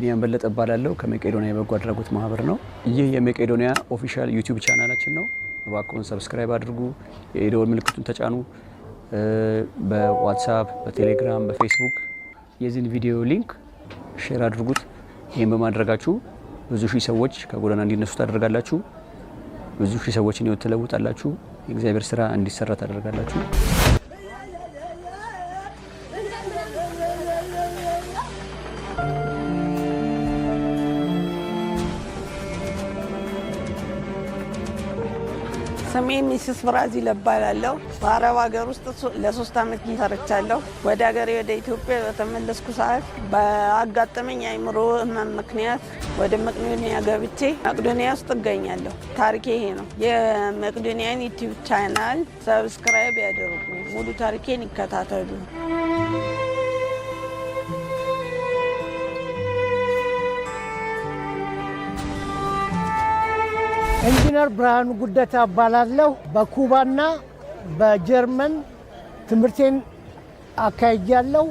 ቢኒያም በለጠ እባላለሁ። ከመቄዶንያ የበጎ አድራጎት ማህበር ነው። ይህ የመቄዶንያ ኦፊሻል ዩቲዩብ ቻናላችን ነው። እባክዎን ሰብስክራይብ አድርጉ፣ የደወል ምልክቱን ተጫኑ። በዋትሳፕ በቴሌግራም በፌስቡክ የዚህን ቪዲዮ ሊንክ ሼር አድርጉት። ይህን በማድረጋችሁ ብዙ ሺህ ሰዎች ከጎዳና እንዲነሱ ታደርጋላችሁ። ብዙ ሺህ ሰዎችን ህይወት ትለውጣላችሁ። የእግዚአብሔር ስራ እንዲሰራ ታደርጋላችሁ። ስሜ ሚስስ ብራዚ እባላለሁ። በአረብ ሀገር ውስጥ ለሶስት ዓመት ሰርቻለሁ። ወደ ሀገሬ ወደ ኢትዮጵያ በተመለስኩ ሰዓት በአጋጠመኝ አይምሮ ህመም ምክንያት ወደ መቅዶኒያ ገብቼ መቅዶኒያ ውስጥ እገኛለሁ። ታሪኬ ይሄ ነው። የመቅዶኒያን ዩቲዩብ ቻናል ሰብስክራይብ ያደርጉ፣ ሙሉ ታሪኬን ይከታተሉ። ኢንጂነር ብርሃኑ ጉደታ እባላለሁ። በኩባና በጀርመን ትምህርቴን አካሂጃለሁ።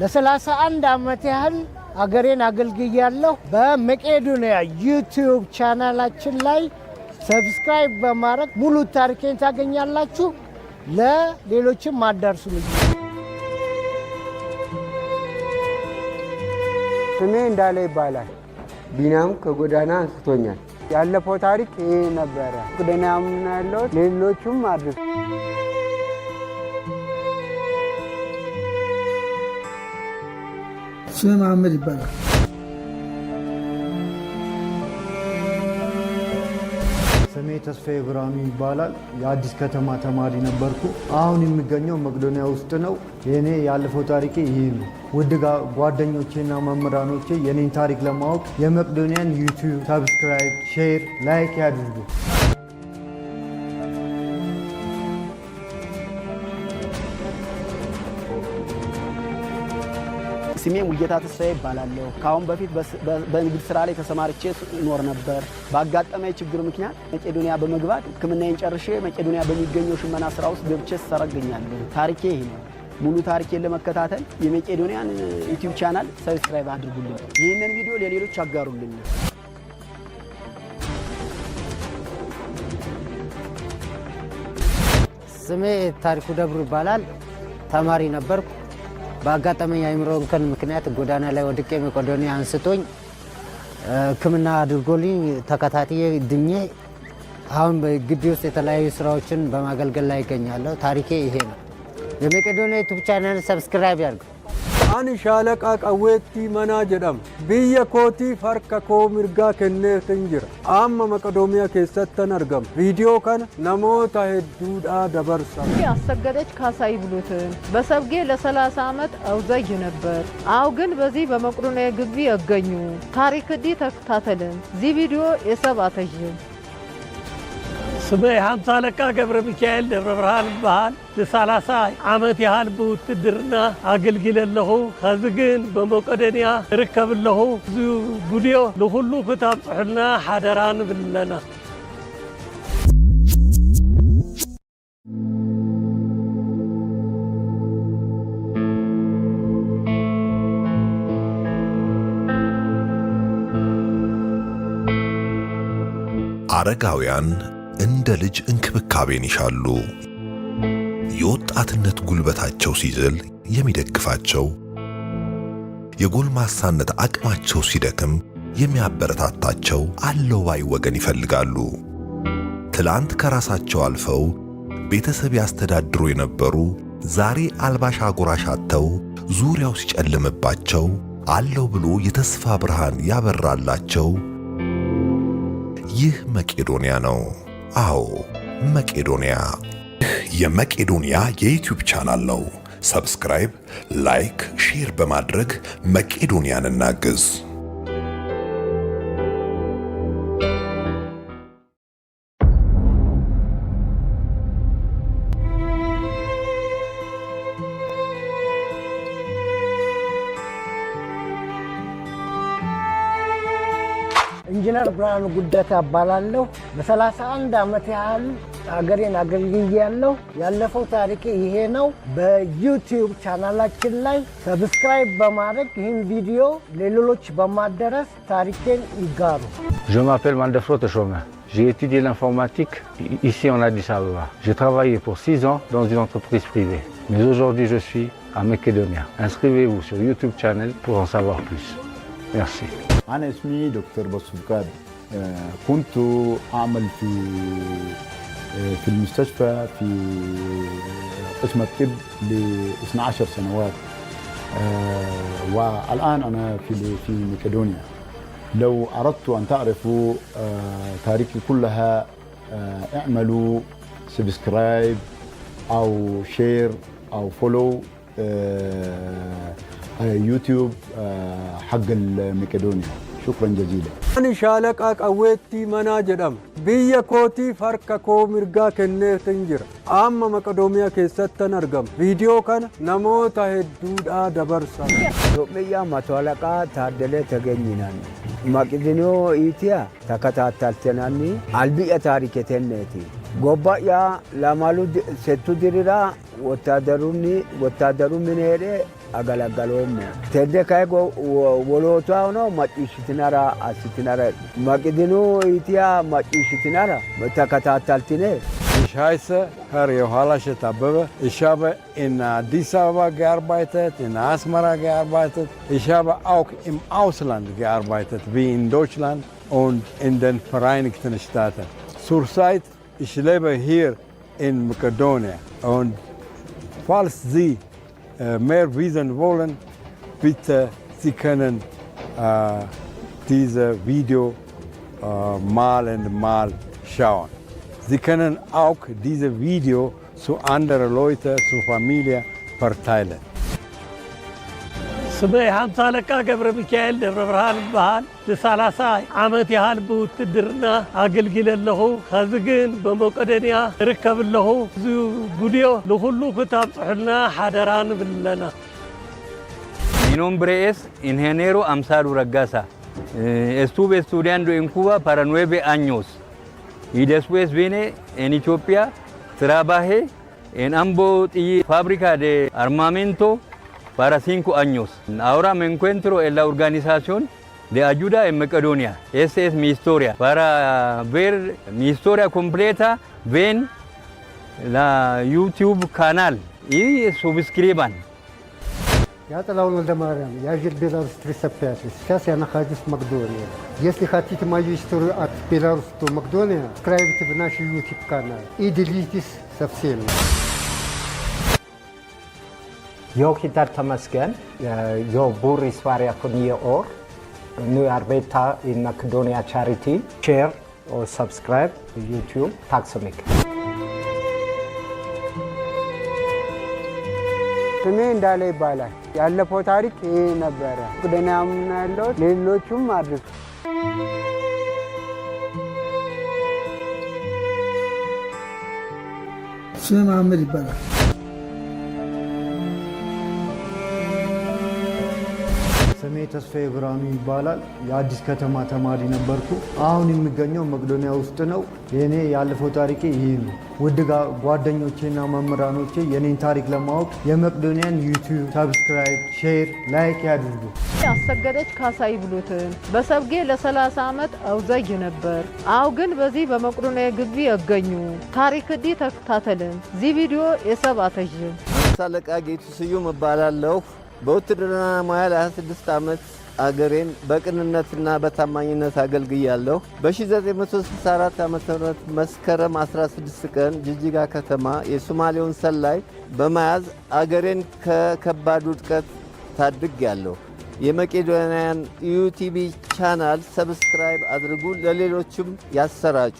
ለ31 ዓመት ያህል አገሬን አገልግያለሁ። በመቄዶንያ ዩቲዩብ ቻናላችን ላይ ሰብስክራይብ በማድረግ ሙሉ ታሪኬን ታገኛላችሁ። ለሌሎችም አዳርሱ። ልጅ ስሜ እንዳለ ይባላል። ቢናም ከጎዳና አንስቶኛል። ያለፈው ታሪክ ይሄ ነበረ። ደህና ምና ያለው ሌሎቹም አድርግ ስም መሀመድ ይባላል። ስሜ ተስፋ ብርሃኑ ይባላል። የአዲስ ከተማ ተማሪ ነበርኩ። አሁን የሚገኘው መቄዶንያ ውስጥ ነው። የኔ ያለፈው ታሪኬ ይህ ነው። ውድ ጓደኞቼና መምህራኖቼ የኔን ታሪክ ለማወቅ የመቄዶንያን ዩቲዩብ ሰብስክራይብ፣ ሼር፣ ላይክ ያድርጉ። ስሜ ሙጌታ ተስፋዬ ይባላለሁ። ከአሁን በፊት በንግድ ስራ ላይ ተሰማርቼ ኖር ነበር። ባጋጠመ ችግር ምክንያት መቄዶንያ በመግባት ሕክምናዬን ጨርሼ መቄዶንያ በሚገኘው ሽመና ስራ ውስጥ ገብቼ ስሰራ እገኛለሁ። ታሪኬ ይሄ ነው። ሙሉ ታሪኬን ለመከታተል የመቄዶኒያን ዩቲዩብ ቻናል ሰብስክራይብ አድርጉልኝ። ይህንን ቪዲዮ ለሌሎች አጋሩልኝ። ስሜ ታሪኩ ደብሩ ይባላል። ተማሪ ነበርኩ። በአጋጣሚ የአእምሮ እንከን ምክንያት ጎዳና ላይ ወድቄ መቄዶንያ አንስቶኝ ሕክምና አድርጎልኝ ተከታትዬ ድኜ አሁን በግቢ ውስጥ የተለያዩ ስራዎችን በማገልገል ላይ ይገኛለሁ። ታሪኬ ይሄ ነው። የመቄዶኒያ ዩቱብ ቻናል ሰብስክራይብ ያድርጉ። ani shaalaqa qawweettii manaa jedhama biyya kootiif harka koo mirgaa kenneetin jira amma maqadoomiyaa keessattan argama viidiyoo kana namoota hedduudhaa dabarsa አሰገደች ካሳይ ብሉትን በሰብጌ ለ30 ዓመት አውዘይ ነበር አው ግን በዚህ በመቁዶንያ ግቢ ያገኙ ታሪክ ዲ ተከታተልን ዚህ ቪዲዮ የሰብ አተዥም ስሜ ሀምሳ አለቃ ገብረ ሚካኤል ደብረ ብርሃን በሃል ለሰላሳ ዓመት ያህል ብውትድርና አገልግለለኹ ከዚ ግን በመቀደንያ ርከብለሁ ኣለኹ እዚ ጉድዮ ንኹሉ ክታብፅሑልና ሓደራ ንብል ኣለና አረጋውያን እንደ ልጅ እንክብካቤን ይሻሉ። የወጣትነት ጉልበታቸው ሲዝል የሚደግፋቸው፣ የጎልማሳነት አቅማቸው ሲደክም የሚያበረታታቸው አለዋይ ወገን ይፈልጋሉ። ትላንት ከራሳቸው አልፈው ቤተሰብ ያስተዳድሩ የነበሩ ዛሬ አልባሽ አጎራሽ አጥተው ዙሪያው ሲጨልምባቸው አለው ብሎ የተስፋ ብርሃን ያበራላቸው ይህ መቄዶንያ ነው። አዎ መቄዶንያ። ይህ የመቄዶንያ የዩቲዩብ ቻናል ነው። ሰብስክራይብ፣ ላይክ፣ ሼር በማድረግ መቄዶንያን እናግዝ። Je m'appelle Mandefro Teshome. J'ai étudié l'informatique ici en Addis Abeba. J'ai travaillé pour six ans dans une entreprise privée. Mais aujourd'hui, je suis à Macedonia. Inscrivez-vous sur YouTube channel pour en savoir plus. Merci. أنا اسمي دكتور بصفقاد آه، كنت أعمل في آه، في المستشفى في قسم الطب ل 12 سنوات آه، والآن أنا في في مقدونيا لو أردت أن تعرفوا تاريخي كلها اعملوا سبسكرايب أو شير أو فولو يوتيوب حق المكدونيا شكرا جزيلا انا شالك اقويتي منا جدم بيا كوتي فرق كو مرغا كنه تنجر أما مقدوميا كيستن أرقم فيديو كان نموت نمو تهدود آدبرسا ኢትዮጵያ መቶ አለቃ ታደለ ተገኝናን መቅድኖ ኢትያ ተከታተልተናኒ አልቢየ ታሪክ የተነቲ ጎባያ ለማሉ ሴቱ ድሪራ ወታደሩን ወታደሩ ምን ሄደ አገለገሉም ቴደ ከጎ ወሎቷው ነው መጭሽትነራ አስትነረ መቅድኑ ኢትያ መጭሽትነራ ተከታተልትኔ ሻይሰ ኸር የኋላ ሸት አበበ እሻበ in Addis Ababa gearbeitet, in Asmara gearbeitet. Ich habe auch im Ausland gearbeitet, wie in Deutschland und in den Vereinigten Staaten. Zurzeit, ich lebe hier in Makedonien und falls Sie äh, mehr wissen wollen, bitte, Sie können äh, dieses Video äh, mal und mal schauen. Sie können auch dieses Video zu anderen Leuten, zur Familie verteilen. ስሜ ሀምሳ አለቃ ገብረ ሚካኤል ደብረ ብርሃን በሃል ለሰላሳ ዓመት ያህል ብውትድርና አገልግለለኹ ከዚ ግን ብመቄዶንያ ይርከብ ኣለኹ እዚ ጉድዮ ንኩሉ ክታብፅሑልና ሓደራ ንብለና ኣለና ሚኖምብሬ ኤስ ኢንሄኔሮ አምሳሉ ረጋሳ ኤስቱቤ ስቱዲያንዶ ኢንኩባ ፓራኑዌቤ አኞስ ኢደስዌስ ቤኔ ኤን ኢትዮጵያ ትራባሄ ኤን አምቦ ጥይ ፋብሪካ ደ አርማሜንቶ para cinco años. Ahora me encuentro en la organización de ayuda en Macedonia. Esa es mi historia. Para ver mi historia completa, ven la YouTube canal y suscriban. Я soy Марьям, я жил в Беларуси 305. Сейчас я нахожусь в Макдонии. Если хотите мою историю от Беларуси до Макдонии, скраивайте в наш YouTube канал и делитесь со всеми. የውሂደር ተመስገን የቡር ስፋሪያ ፉንዬ ኦር ኑያር ቤታ መክዶኒያ ቻሪቲ ሼር ሰብስክራይብ ዩቲዩብ ታክስሚክ ስሜ እንዳለ ይባላል። ያለፈው ታሪክ ይሄ ነበረ። ደህና ያለው ሌሎቹም አድርሱ። ስሜ መሀመድ ይባላል። ተስፋዬ ብርሃኑ ይባላል። የአዲስ ከተማ ተማሪ ነበርኩ። አሁን የሚገኘው መቄዶንያ ውስጥ ነው። የኔ ያለፈው ታሪኬ ይህ ነው። ውድ ጓደኞቼና መምህራኖቼ የኔን ታሪክ ለማወቅ የመቄዶንያን ዩቲዩብ ሰብስክራይብ፣ ሼር፣ ላይክ ያድርጉ። አሰገደች ካሳይ ብሉትን በሰብጌ ለ30 ዓመት አውዘይ ነበር። አሁ ግን በዚህ በመቄዶንያ ግቢ ያገኙ ታሪክ ዲ ተከታተልን ዚህ ቪዲዮ የሰብ አተዥም ሳለቃ ጌቱ ስዩም እባላለሁ። በውትድርና ሙያ ለ26 ዓመት አገሬን በቅንነትና በታማኝነት አገልግያለሁ። በ1964 ዓ ም መስከረም 16 ቀን ጅጅጋ ከተማ የሶማሌውን ሰላይ በመያዝ አገሬን ከከባድ ውድቀት ታድጊያለሁ። የመቄዶንያን ዩቲቪ ቻናል ሰብስክራይብ አድርጉ፣ ለሌሎችም ያሰራጩ።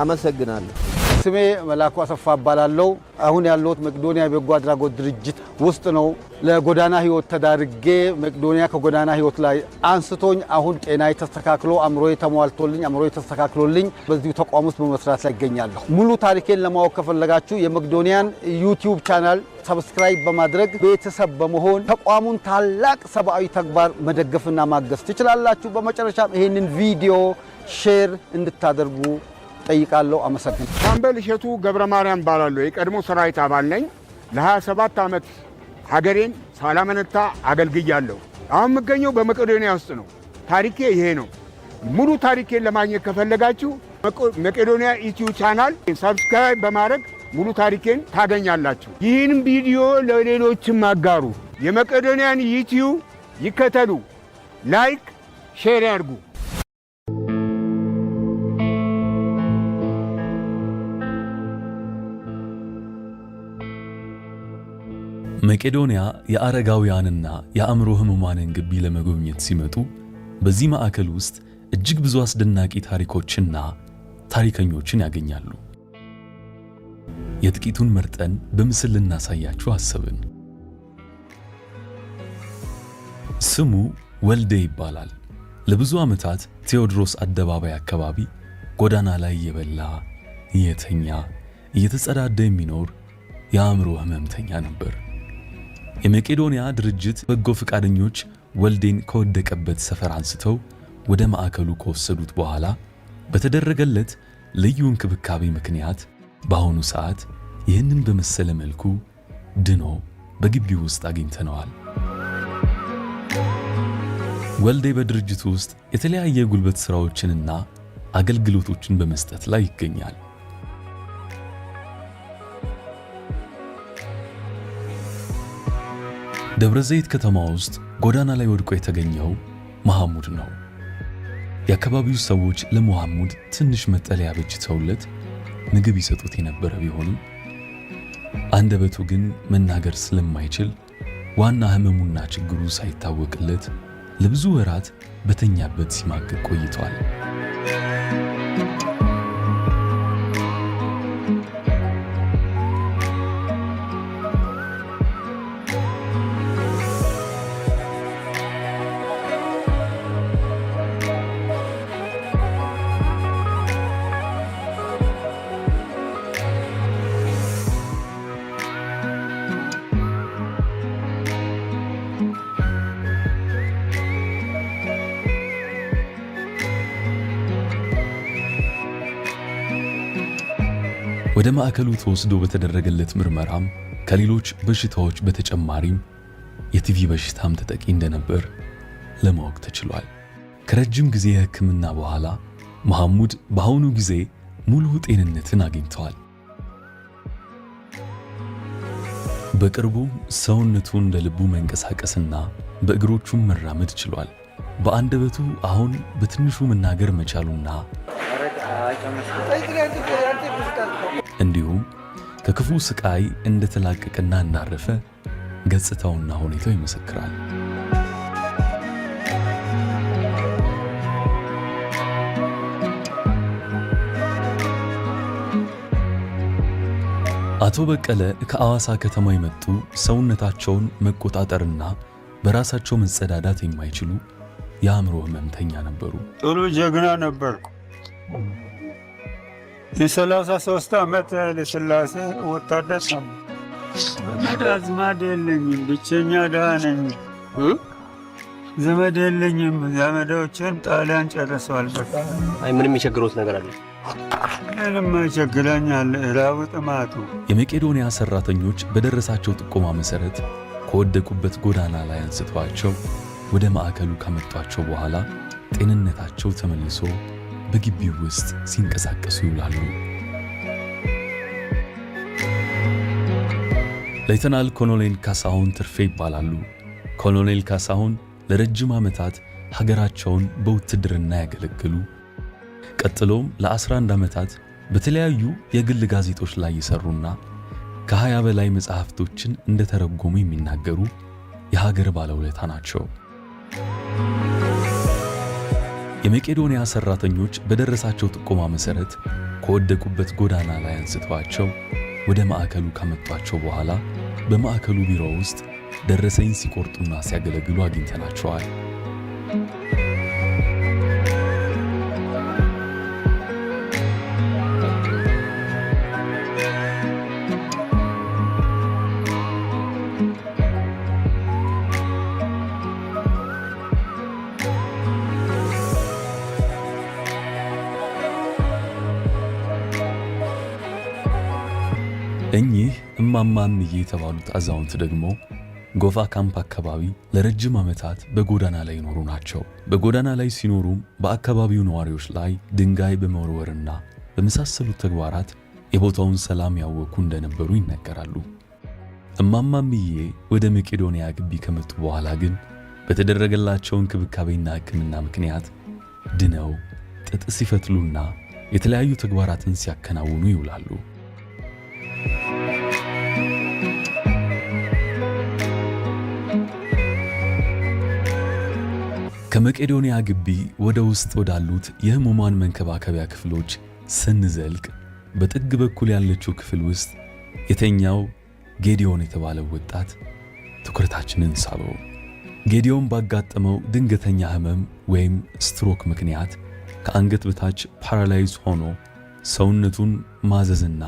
አመሰግናለሁ። ስሜ መላኩ አሰፋ እባላለሁ። አሁን ያለሁት መቄዶንያ የበጎ አድራጎት ድርጅት ውስጥ ነው። ለጎዳና ህይወት ተዳርጌ መቄዶንያ ከጎዳና ህይወት ላይ አንስቶኝ አሁን ጤና ተስተካክሎ አእምሮ ተሟልቶልኝ አእምሮ ተስተካክሎልኝ በዚሁ ተቋም ውስጥ በመስራት ላይ ይገኛለሁ። ሙሉ ታሪኬን ለማወቅ ከፈለጋችሁ የመቄዶንያን ዩቲዩብ ቻናል ሰብስክራይብ በማድረግ ቤተሰብ በመሆን ተቋሙን ታላቅ ሰብአዊ ተግባር መደገፍና ማገዝ ትችላላችሁ። በመጨረሻም ይህንን ቪዲዮ ሼር እንድታደርጉ ጠይቃለሁ። አመሰግን ሻምበል እሸቱ ገብረ ማርያም ባላለሁ የቀድሞ ሰራዊት አባል ነኝ። ለ27 ዓመት ሀገሬን ሳላመነታ አገልግያለሁ። አሁን የምገኘው በመቄዶንያ ውስጥ ነው። ታሪኬ ይሄ ነው። ሙሉ ታሪኬን ለማግኘት ከፈለጋችሁ መቄዶንያ ኢትዮ ቻናል ሰብስክራይብ በማድረግ ሙሉ ታሪኬን ታገኛላችሁ። ይህን ቪዲዮ ለሌሎችም አጋሩ። የመቄዶንያን ኢትዮ ይከተሉ። ላይክ ሼር ያድርጉ። መቄዶንያ የአረጋውያንና የአእምሮ ህሙማንን ግቢ ለመጎብኘት ሲመጡ በዚህ ማዕከል ውስጥ እጅግ ብዙ አስደናቂ ታሪኮችና ታሪከኞችን ያገኛሉ። የጥቂቱን መርጠን በምስል ልናሳያችሁ አሰብን። ስሙ ወልዴ ይባላል። ለብዙ ዓመታት ቴዎድሮስ አደባባይ አካባቢ ጎዳና ላይ እየበላ እየተኛ እየተጸዳዳ የሚኖር የአእምሮ ህመምተኛ ነበር። የመቄዶንያ ድርጅት በጎ ፈቃደኞች ወልዴን ከወደቀበት ሰፈር አንስተው ወደ ማዕከሉ ከወሰዱት በኋላ በተደረገለት ልዩ እንክብካቤ ምክንያት በአሁኑ ሰዓት ይህንን በመሰለ መልኩ ድኖ በግቢው ውስጥ አግኝተነዋል። ወልዴ በድርጅቱ ውስጥ የተለያየ ጉልበት ሥራዎችንና አገልግሎቶችን በመስጠት ላይ ይገኛል። ደብረ ዘይት ከተማ ውስጥ ጎዳና ላይ ወድቆ የተገኘው መሐሙድ ነው። የአካባቢው ሰዎች ለመሐሙድ ትንሽ መጠለያ በጅተውለት ምግብ ይሰጡት የነበረ ቢሆንም አንደበቱ ግን መናገር ስለማይችል ዋና ህመሙና ችግሩ ሳይታወቅለት ለብዙ ወራት በተኛበት ሲማቅቅ ቆይቷል። ወደ ማዕከሉ ተወስዶ በተደረገለት ምርመራም ከሌሎች በሽታዎች በተጨማሪም የቲቪ በሽታም ተጠቂ እንደነበር ለማወቅ ተችሏል። ከረጅም ጊዜ ሕክምና በኋላ መሐሙድ በአሁኑ ጊዜ ሙሉ ጤንነትን አግኝተዋል። በቅርቡ ሰውነቱን እንደ ልቡ መንቀሳቀስና በእግሮቹም መራመድ ችሏል። በአንደበቱ አሁን በትንሹ መናገር መቻሉና እንዲሁም ከክፉ ስቃይ እንደተላቀቀና እናረፈ ገጽታውና ሁኔታው ይመሰክራል። አቶ በቀለ ከአዋሳ ከተማ የመጡ ሰውነታቸውን መቆጣጠርና በራሳቸው መጸዳዳት የማይችሉ የአእምሮ ህመምተኛ ነበሩ። ጥሩ ጀግና ነበርኩ። የ33 ዓመት ስላሴ ወታደር ነው። ዘመድ አዝማድ የለኝም፣ ብቸኛ ድሃ ነኝ። ዘመድ የለኝም። ዘመዶችን ጣሊያን ጨርሰዋል። አይ ምንም የቸግሮት ነገር አለ? ምንም ይቸግረኛል። ራቡ ጥማቱ። የመቄዶንያ ሰራተኞች በደረሳቸው ጥቆማ መሰረት ከወደቁበት ጎዳና ላይ አንስተዋቸው ወደ ማዕከሉ ከመጧቸው በኋላ ጤንነታቸው ተመልሶ በግቢው ውስጥ ሲንቀሳቀሱ ይውላሉ። ሌተናል ኮሎኔል ካሳሁን ትርፌ ይባላሉ። ኮሎኔል ካሳሁን ለረጅም ዓመታት ሀገራቸውን በውትድርና ያገለግሉ፣ ቀጥሎም ለ11 ዓመታት በተለያዩ የግል ጋዜጦች ላይ የሰሩና ከ20 በላይ መጽሐፍቶችን እንደተረጎሙ የሚናገሩ የሀገር ባለውለታ ናቸው። የመቄዶንያ ሠራተኞች በደረሳቸው ጥቆማ መሠረት ከወደቁበት ጎዳና ላይ አንስተዋቸው ወደ ማዕከሉ ካመጧቸው በኋላ በማዕከሉ ቢሮ ውስጥ ደረሰኝ ሲቆርጡና ሲያገለግሉ አግኝተናቸዋል። እማማ እምዬ የተባሉት አዛውንት ደግሞ ጎፋ ካምፕ አካባቢ ለረጅም ዓመታት በጎዳና ላይ ይኖሩ ናቸው። በጎዳና ላይ ሲኖሩም በአካባቢው ነዋሪዎች ላይ ድንጋይ በመወርወርና በመሳሰሉት ተግባራት የቦታውን ሰላም ያወኩ እንደነበሩ ይነገራሉ። እማማ እምዬ ወደ መቄዶንያ ግቢ ከመጡ በኋላ ግን በተደረገላቸው እንክብካቤና ሕክምና ምክንያት ድነው ጥጥ ሲፈትሉና የተለያዩ ተግባራትን ሲያከናውኑ ይውላሉ። ከመቄዶንያ ግቢ ወደ ውስጥ ወዳሉት የሕሙማን መንከባከቢያ ክፍሎች ስንዘልቅ በጥግ በኩል ያለችው ክፍል ውስጥ የተኛው ጌዲዮን የተባለው ወጣት ትኩረታችንን ሳበው። ጌዲዮን ባጋጠመው ድንገተኛ ሕመም ወይም ስትሮክ ምክንያት ከአንገት በታች ፓራላይዝ ሆኖ ሰውነቱን ማዘዝና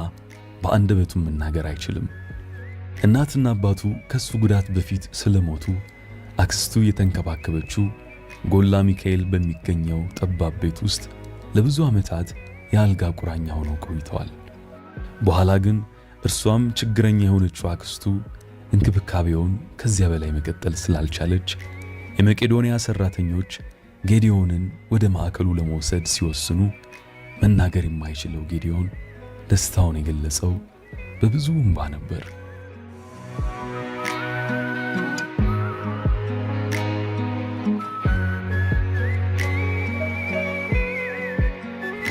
በአንደበቱም መናገር አይችልም። እናትና አባቱ ከሱ ጉዳት በፊት ስለሞቱ አክስቱ የተንከባከበችው ጎላ ሚካኤል በሚገኘው ጠባብ ቤት ውስጥ ለብዙ ዓመታት የአልጋ ቁራኛ ሆነው ቆይተዋል። በኋላ ግን እርሷም ችግረኛ የሆነችው አክስቱ እንክብካቤውን ከዚያ በላይ መቀጠል ስላልቻለች የመቄዶንያ ሠራተኞች ጌዲዮንን ወደ ማዕከሉ ለመውሰድ ሲወስኑ መናገር የማይችለው ጌዲዮን ደስታውን የገለጸው በብዙ እንባ ነበር።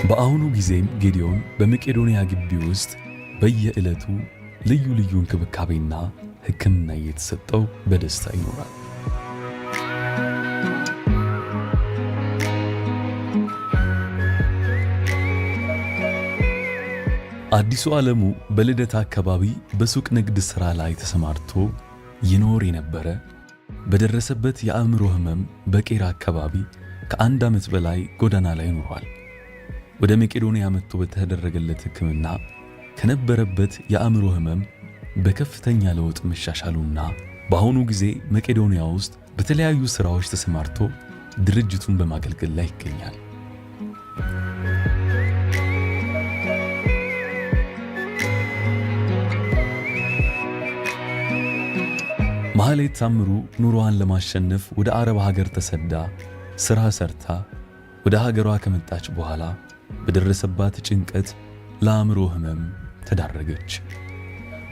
በአሁኑ ጊዜም ጌዲዮን በመቄዶንያ ግቢ ውስጥ በየዕለቱ ልዩ ልዩ እንክብካቤና ሕክምና እየተሰጠው በደስታ ይኖራል። አዲሱ ዓለሙ በልደት አካባቢ በሱቅ ንግድ ሥራ ላይ ተሰማርቶ ይኖር የነበረ በደረሰበት የአእምሮ ሕመም በቄራ አካባቢ ከአንድ ዓመት በላይ ጎዳና ላይ ኖሯል። ወደ መቄዶንያ መጥቶ በተደረገለት ሕክምና ከነበረበት የአእምሮ ህመም በከፍተኛ ለውጥ መሻሻሉና በአሁኑ ጊዜ መቄዶንያ ውስጥ በተለያዩ ሥራዎች ተሰማርቶ ድርጅቱን በማገልገል ላይ ይገኛል። ማህሌት ታምሩ ኑሮዋን ለማሸነፍ ወደ አረብ ሀገር ተሰዳ ሥራ ሰርታ ወደ ሀገሯ ከመጣች በኋላ በደረሰባት ጭንቀት ለአእምሮ ህመም ተዳረገች።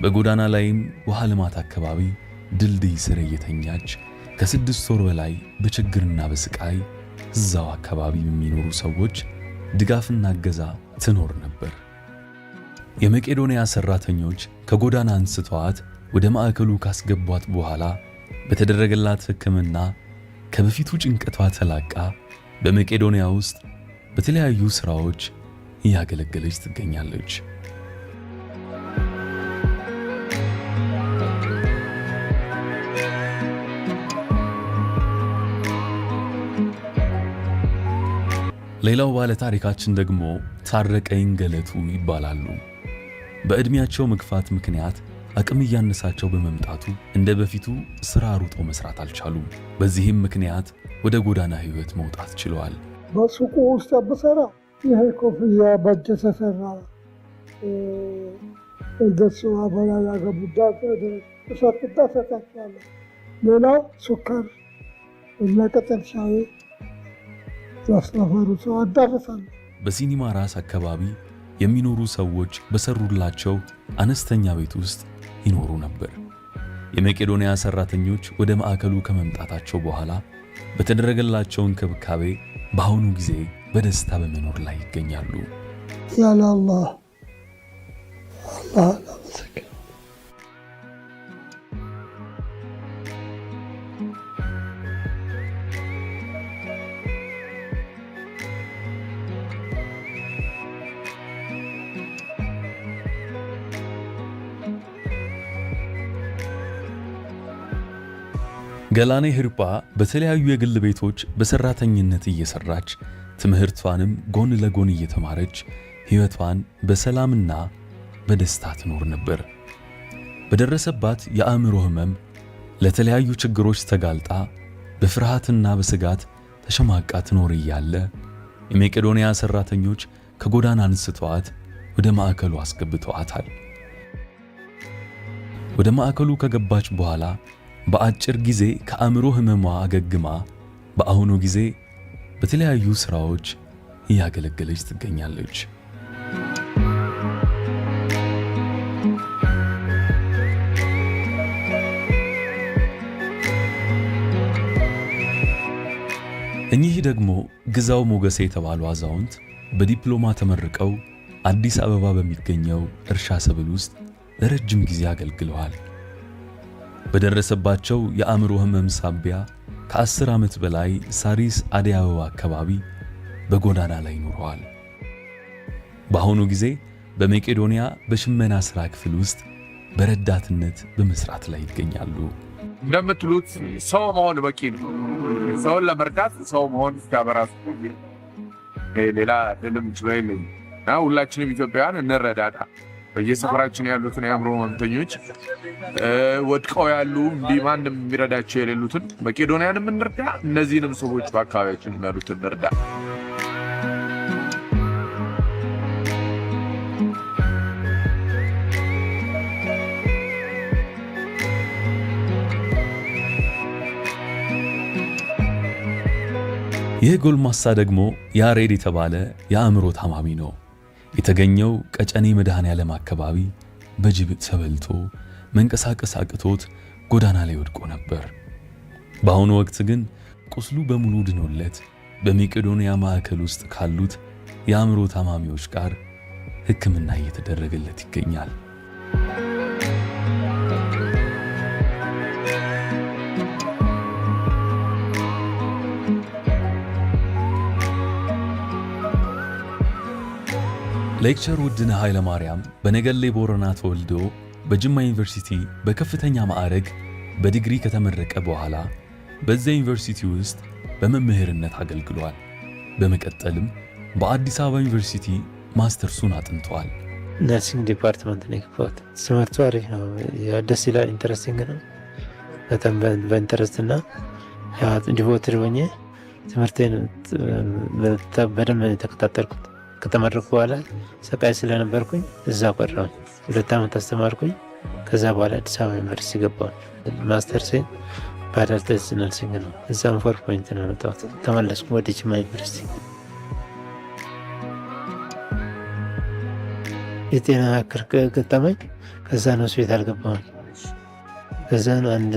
በጎዳና ላይም ውሃ ልማት አካባቢ ድልድይ ስር እየተኛች ከስድስት ወር በላይ በችግርና በስቃይ እዛው አካባቢ የሚኖሩ ሰዎች ድጋፍና እገዛ ትኖር ነበር። የመቄዶንያ ሰራተኞች ከጎዳና አንስተዋት ወደ ማዕከሉ ካስገቧት በኋላ በተደረገላት ሕክምና ከበፊቱ ጭንቀቷ ተላቃ በመቄዶንያ ውስጥ በተለያዩ ስራዎች እያገለገለች ትገኛለች። ሌላው ባለ ታሪካችን ደግሞ ታረቀኝ ገለቱ ይባላሉ። በእድሜያቸው መግፋት ምክንያት አቅም እያነሳቸው በመምጣቱ እንደ በፊቱ ስራ ሩጦ መስራት አልቻሉም። በዚህም ምክንያት ወደ ጎዳና ህይወት መውጣት ችለዋል። በሱቁ ውስጥ ብሰራ ይሄ ኮፍያ በእጅ ተሰራ እንደሱ አበላ ያገቡዳ ሰጥታ ሰጣችለ። ሌላው ሱከር እና ቅጠል ሻይ ያስተፈሩ ሰው አዳርሳለ። በሲኒማ ራስ አካባቢ የሚኖሩ ሰዎች በሰሩላቸው አነስተኛ ቤት ውስጥ ይኖሩ ነበር። የመቄዶንያ ሰራተኞች ወደ ማዕከሉ ከመምጣታቸው በኋላ በተደረገላቸው እንክብካቤ በአሁኑ ጊዜ በደስታ በመኖር ላይ ይገኛሉ። ያለ አላህ አላህ ገላኔ ህርፓ በተለያዩ የግል ቤቶች በሰራተኝነት እየሰራች ትምህርቷንም ጎን ለጎን እየተማረች ህይወቷን በሰላምና በደስታ ትኖር ነበር። በደረሰባት የአእምሮ ህመም ለተለያዩ ችግሮች ተጋልጣ በፍርሃትና በስጋት ተሸማቃ ትኖር እያለ የመቄዶንያ ሰራተኞች ከጎዳና አንስተዋት ወደ ማዕከሉ አስገብተዋታል። ወደ ማዕከሉ ከገባች በኋላ በአጭር ጊዜ ከአእምሮ ህመሟ አገግማ በአሁኑ ጊዜ በተለያዩ ስራዎች እያገለገለች ትገኛለች። እኚህ ደግሞ ግዛው ሞገሴ የተባሉ አዛውንት በዲፕሎማ ተመርቀው አዲስ አበባ በሚገኘው እርሻ ሰብል ውስጥ ለረጅም ጊዜ አገልግለዋል። በደረሰባቸው የአእምሮ ህመም ሳቢያ ከአስር ዓመት በላይ ሳሪስ አደይ አበባ አካባቢ በጎዳና ላይ ኑረዋል። በአሁኑ ጊዜ በመቄዶንያ በሽመና ሥራ ክፍል ውስጥ በረዳትነት በመስራት ላይ ይገኛሉ። እንደምትሉት ሰው መሆን በቂ ነው። ሰውን ለመርዳት ሰው መሆን እስካበራሱ ሌላ ልምድ ነው። ሁላችንም ኢትዮጵያውያን እንረዳዳ በየሰፈራችን ያሉትን የአእምሮ ህመምተኞች፣ ወድቀው ያሉ እንዲህ ማንም የሚረዳቸው የሌሉትን መቄዶንያንም እንርዳ፣ እነዚህንም ሰዎች በአካባቢያችን ያሉትን እንርዳ። ይህ ጎልማሳ ደግሞ ያሬድ የተባለ የአእምሮ ታማሚ ነው። የተገኘው ቀጨኔ መድኃኔዓለም አካባቢ በጅብ ተበልቶ መንቀሳቀስ አቅቶት ጎዳና ላይ ወድቆ ነበር። በአሁኑ ወቅት ግን ቁስሉ በሙሉ ድኖለት በመቄዶንያ ማዕከል ውስጥ ካሉት የአእምሮ ታማሚዎች ጋር ሕክምና እየተደረገለት ይገኛል። ሌክቸር ውድነ ኃይለ ማርያም በነገሌ ቦረና ተወልዶ በጅማ ዩኒቨርሲቲ በከፍተኛ ማዕረግ በዲግሪ ከተመረቀ በኋላ በዚያ ዩኒቨርሲቲ ውስጥ በመምህርነት አገልግሏል። በመቀጠልም በአዲስ አበባ ዩኒቨርሲቲ ማስተርሱን አጥንተዋል። ነርሲንግ ዲፓርትመንት ነው የገባሁት። ትምህርቱ አሪፍ ነው፣ ደስ ይላል፣ ኢንተረስቲንግ ነው በጣም በኢንተረስት እና ዲቮትድ ሆኜ ትምህርቴን በደንብ የተከታተልኩት ከተመረኩ በኋላ ሰቃይ ስለነበርኩኝ እዛ ቆረውኝ ሁለት ዓመት አስተማርኩኝ። ከዛ በኋላ አዲስ አበባ ዩኒቨርሲቲ ገባሁ። ማስተር ሴን በአዳልተ ዝናልስኝ ነው። እዛም ፎር ፖይንት ነው ያመጣሁት። ተመለስኩ ወደ ጅማ ዩኒቨርሲቲ። የጤና እክል ገጠመኝ። ከዛን ሆስፒታል ገባሁኝ። ከዛን አንድ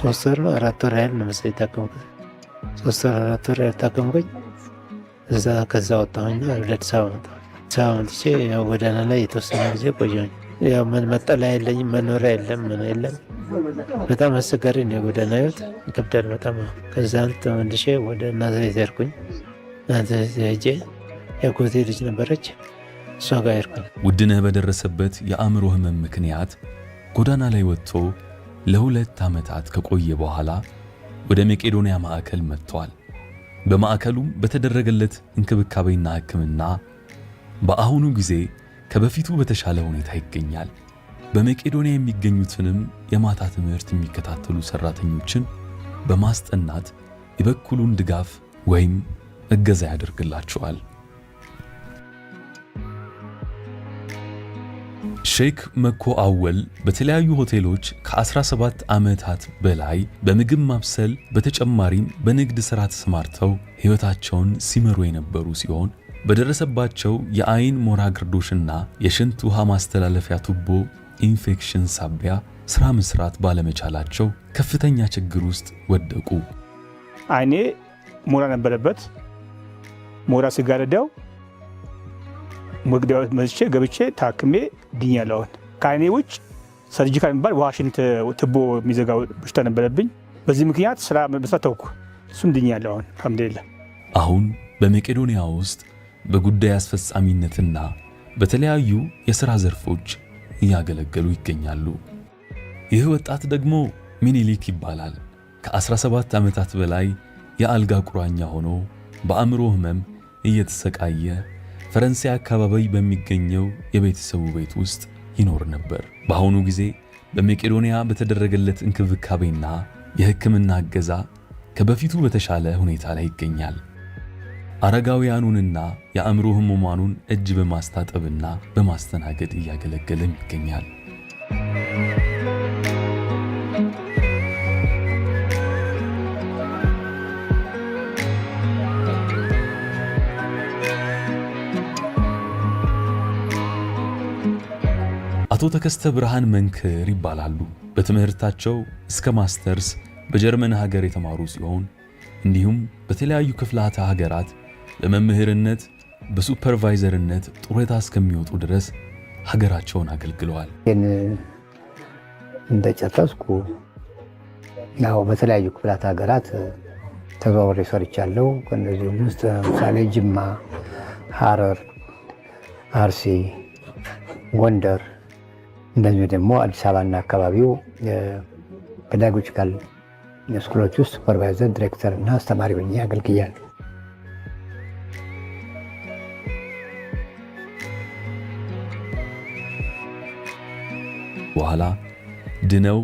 ሶስት ወር ነው አራት ወር ያህል ነው መሰለኝ የታከምኩት። ሶስት ወር አራት ወር ያህል ታከምኩኝ። እዛ ከዛ ወጣሁና ወደ አዲስ አበባ መጣሁ። አዲስ አበባ መጥቼ ያው ጎዳና ላይ የተወሰነ ጊዜ ቆየሁኝ። ያው መጠለያ የለኝም፣ መኖሪያ የለም፣ ምን የለም። በጣም አስቸጋሪ ነው የጎዳና ህይወት፣ ይከብዳል በጣም። ከዛ ተመልሼ ወደ ናዝሬት ሄድኩኝ። ናዝሬት ሄጄ የጎቴ ልጅ ነበረች፣ እሷ ጋር ሄድኩኝ። ውድነህ በደረሰበት የአእምሮ ህመም ምክንያት ጎዳና ላይ ወጥቶ ለሁለት ዓመታት ከቆየ በኋላ ወደ መቄዶንያ ማዕከል መጥተዋል። በማዕከሉም በተደረገለት እንክብካቤና ሕክምና በአሁኑ ጊዜ ከበፊቱ በተሻለ ሁኔታ ይገኛል። በመቄዶንያ የሚገኙትንም የማታ ትምህርት የሚከታተሉ ሰራተኞችን በማስጠናት የበኩሉን ድጋፍ ወይም እገዛ ያደርግላቸዋል። ሼክ መኮ አወል በተለያዩ ሆቴሎች ከ17 ዓመታት በላይ በምግብ ማብሰል በተጨማሪም በንግድ ሥራ ተሰማርተው ሕይወታቸውን ሲመሩ የነበሩ ሲሆን በደረሰባቸው የአይን ሞራ ግርዶሽና የሽንት ውሃ ማስተላለፊያ ቱቦ ኢንፌክሽን ሳቢያ ሥራ መሥራት ባለመቻላቸው ከፍተኛ ችግር ውስጥ ወደቁ። አይኔ ሞራ ነበረበት። ሞራ ሲጋረደው መግደያ መዝቼ ገብቼ ታክሜ ድኛለሁ። አሁን ከአይኔ ውጭ ሰርጂካል የሚባል ዋሽንት ትቦ የሚዘጋው በሽታ ነበረብኝ። በዚህ ምክንያት ስራ መስራት ተውኩ። እሱም ድኛለሁ። አሁን አልሐምዱሊላህ። አሁን በመቄዶንያ ውስጥ በጉዳይ አስፈጻሚነትና በተለያዩ የሥራ ዘርፎች እያገለገሉ ይገኛሉ። ይህ ወጣት ደግሞ ሚኒሊክ ይባላል። ከ17 ዓመታት በላይ የአልጋ ቁራኛ ሆኖ በአእምሮ ህመም እየተሰቃየ ፈረንሳይ አካባቢ በሚገኘው የቤተሰቡ ቤት ውስጥ ይኖር ነበር። በአሁኑ ጊዜ በመቄዶንያ በተደረገለት እንክብካቤና የሕክምና እገዛ ከበፊቱ በተሻለ ሁኔታ ላይ ይገኛል። አረጋውያኑንና የአእምሮ ሕሙማኑን እጅ በማስታጠብና በማስተናገድ እያገለገለም ይገኛል። አቶ ተከስተ ብርሃን መንክር ይባላሉ። በትምህርታቸው እስከ ማስተርስ በጀርመን ሀገር የተማሩ ሲሆን እንዲሁም በተለያዩ ክፍላተ ሀገራት ለመምህርነት በሱፐርቫይዘርነት ጡረታ እስከሚወጡ ድረስ ሀገራቸውን አገልግለዋል። ግን እንደጨረስኩ ያው በተለያዩ ክፍላት ሀገራት ተዘዋውሬ ሰርቻለሁ። ከነዚህም ውስጥ ለምሳሌ ጅማ፣ ሐረር፣ አርሲ፣ ጎንደር እንደዚሁ ደግሞ አዲስ አበባና አካባቢው ፔዳጎጂካል ስኩሎች ውስጥ ሱፐርቫይዘር፣ ዲሬክተር እና አስተማሪ ሆኜ አገልግያለሁ። በኋላ ድነው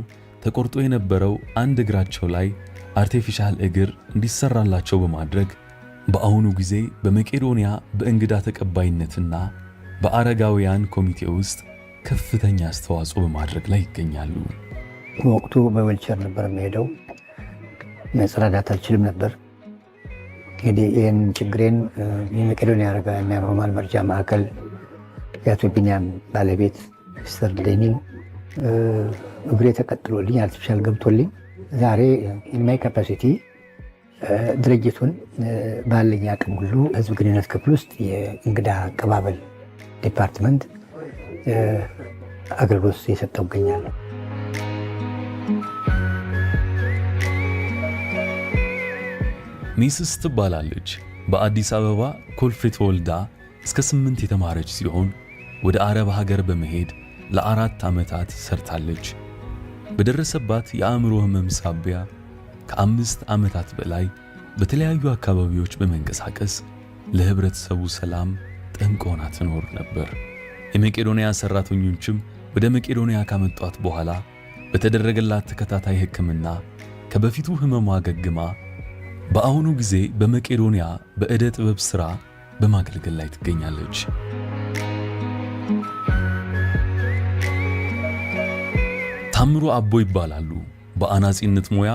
ተቆርጦ የነበረው አንድ እግራቸው ላይ አርቴፊሻል እግር እንዲሰራላቸው በማድረግ በአሁኑ ጊዜ በመቄዶንያ በእንግዳ ተቀባይነትና በአረጋውያን ኮሚቴ ውስጥ ከፍተኛ አስተዋጽኦ በማድረግ ላይ ይገኛሉ። በወቅቱ በዌልቸር ነበር የሚሄደው፣ መጸዳዳት አልችልም ነበር። እንግዲህ ይህን ችግሬን የመቄዶንያ አረጋውያን እና ሕሙማን መርጃ ማዕከል የአቶ ቢኒያም ባለቤት ሚስተር ሌኒ እግሬ ተቀጥሎልኝ አርቲፊሻል ገብቶልኝ ዛሬ ኢንማይ ካፓሲቲ ድርጅቱን ባለኝ አቅም ሁሉ ህዝብ ግንኙነት ክፍል ውስጥ የእንግዳ አቀባበል ዲፓርትመንት አገልግሎት እየሰጠው ይገኛል። ሚስስ ትባላለች። በአዲስ አበባ ኮልፌ ተወልዳ እስከ ስምንት የተማረች ሲሆን ወደ አረብ ሀገር በመሄድ ለአራት ዓመታት ሰርታለች። በደረሰባት የአእምሮ ሕመም ሳቢያ ከአምስት ዓመታት በላይ በተለያዩ አካባቢዎች በመንቀሳቀስ ለህብረተሰቡ ሰላም ጠንቅ ሆና ትኖር ነበር። የመቄዶንያ ሠራተኞችም ወደ መቄዶንያ ካመጧት በኋላ በተደረገላት ተከታታይ ሕክምና ከበፊቱ ሕመሟ አገግማ በአሁኑ ጊዜ በመቄዶንያ በዕደ ጥበብ ሥራ በማገልገል ላይ ትገኛለች። ታምሩ አቦ ይባላሉ። በአናጺነት ሙያ